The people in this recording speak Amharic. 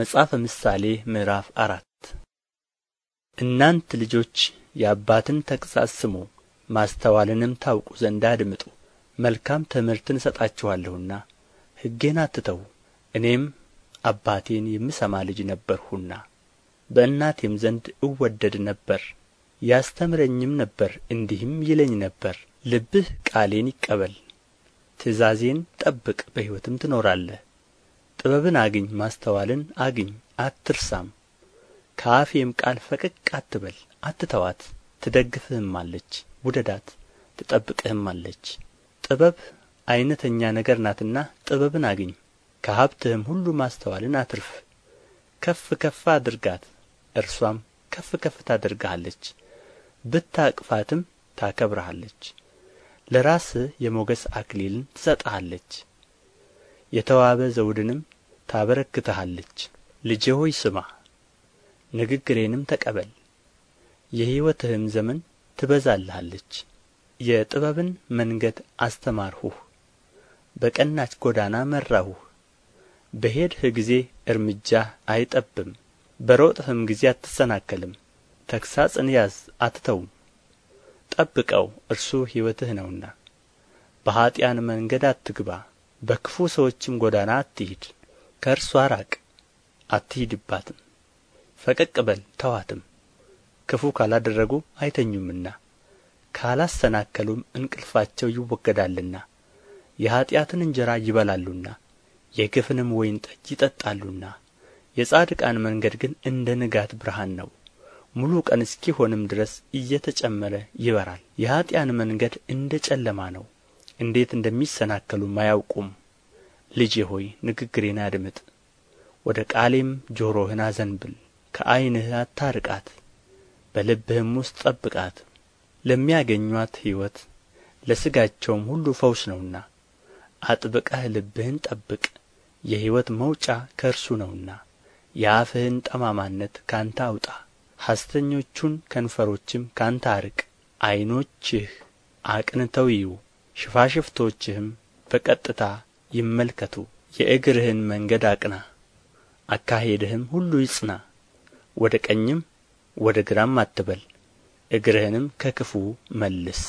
መጽሐፈ ምሳሌ ምዕራፍ አራት እናንት ልጆች የአባትን ተግሣጽ ስሙ፣ ማስተዋልንም ታውቁ ዘንድ አድምጡ። መልካም ትምህርትን እሰጣችኋለሁና ሕጌን አትተው እኔም አባቴን የምሰማ ልጅ ነበርሁና በእናቴም ዘንድ እወደድ ነበር። ያስተምረኝም ነበር፣ እንዲህም ይለኝ ነበር፣ ልብህ ቃሌን ይቀበል፣ ትእዛዜን ጠብቅ፣ በሕይወትም ትኖራለህ ጥበብን አግኝ ማስተዋልን አግኝ አትርሳም ከአፌም ቃል ፈቀቅ አትበል አትተዋት ትደግፍህማለች ውደዳት ትጠብቅህማለች ጥበብ አይነተኛ ነገር ናትና ጥበብን አግኝ ከሀብትህም ሁሉ ማስተዋልን አትርፍ ከፍ ከፍ አድርጋት እርሷም ከፍ ከፍ ታደርግሃለች ብታቅፋትም ታከብራለች ለራስህ የሞገስ አክሊልን ትሰጥሃለች የተዋበ ዘውድንም ታበረክትሃለች ልጄ ሆይ ስማ ንግግሬንም ተቀበል የሕይወትህም ዘመን ትበዛልሃለች የጥበብን መንገድ አስተማርሁህ በቀናች ጎዳና መራሁህ በሄድህ ጊዜ እርምጃህ አይጠብም በሮጥህም ጊዜ አትሰናከልም ተግሣጽን ያዝ አትተውም ጠብቀው እርሱ ሕይወትህ ነውና በኀጢአን መንገድ አትግባ በክፉ ሰዎችም ጎዳና አትሂድ ከእርስዋ ራቅ አትሂድባትም ፈቀቅ በል ተዋትም ክፉ ካላደረጉ አይተኙምና ካላሰናከሉም እንቅልፋቸው ይወገዳልና የኀጢአትን እንጀራ ይበላሉና የግፍንም ወይን ጠጅ ይጠጣሉና የጻድቃን መንገድ ግን እንደ ንጋት ብርሃን ነው፣ ሙሉ ቀን እስኪሆንም ድረስ እየተጨመረ ይበራል። የኀጢአን መንገድ እንደ ጨለማ ነው፣ እንዴት እንደሚሰናከሉም አያውቁም። ልጄ ሆይ ንግግሬን አድምጥ፣ ወደ ቃሌም ጆሮህን አዘንብል። ከዓይንህ አታርቃት፣ በልብህም ውስጥ ጠብቃት። ለሚያገኟት ሕይወት ለሥጋቸውም ሁሉ ፈውስ ነውና አጥብቀህ ልብህን ጠብቅ፣ የሕይወት መውጫ ከእርሱ ነውና። የአፍህን ጠማማነት ካንተ አውጣ፣ ሐሰተኞቹን ከንፈሮችም ካንተ አርቅ። ዐይኖችህ አቅንተው ይዩ፣ ሽፋሽፍቶችህም በቀጥታ ይመልከቱ። የእግርህን መንገድ አቅና፣ አካሄድህም ሁሉ ይጽና። ወደ ቀኝም ወደ ግራም አትበል፣ እግርህንም ከክፉ መልስ።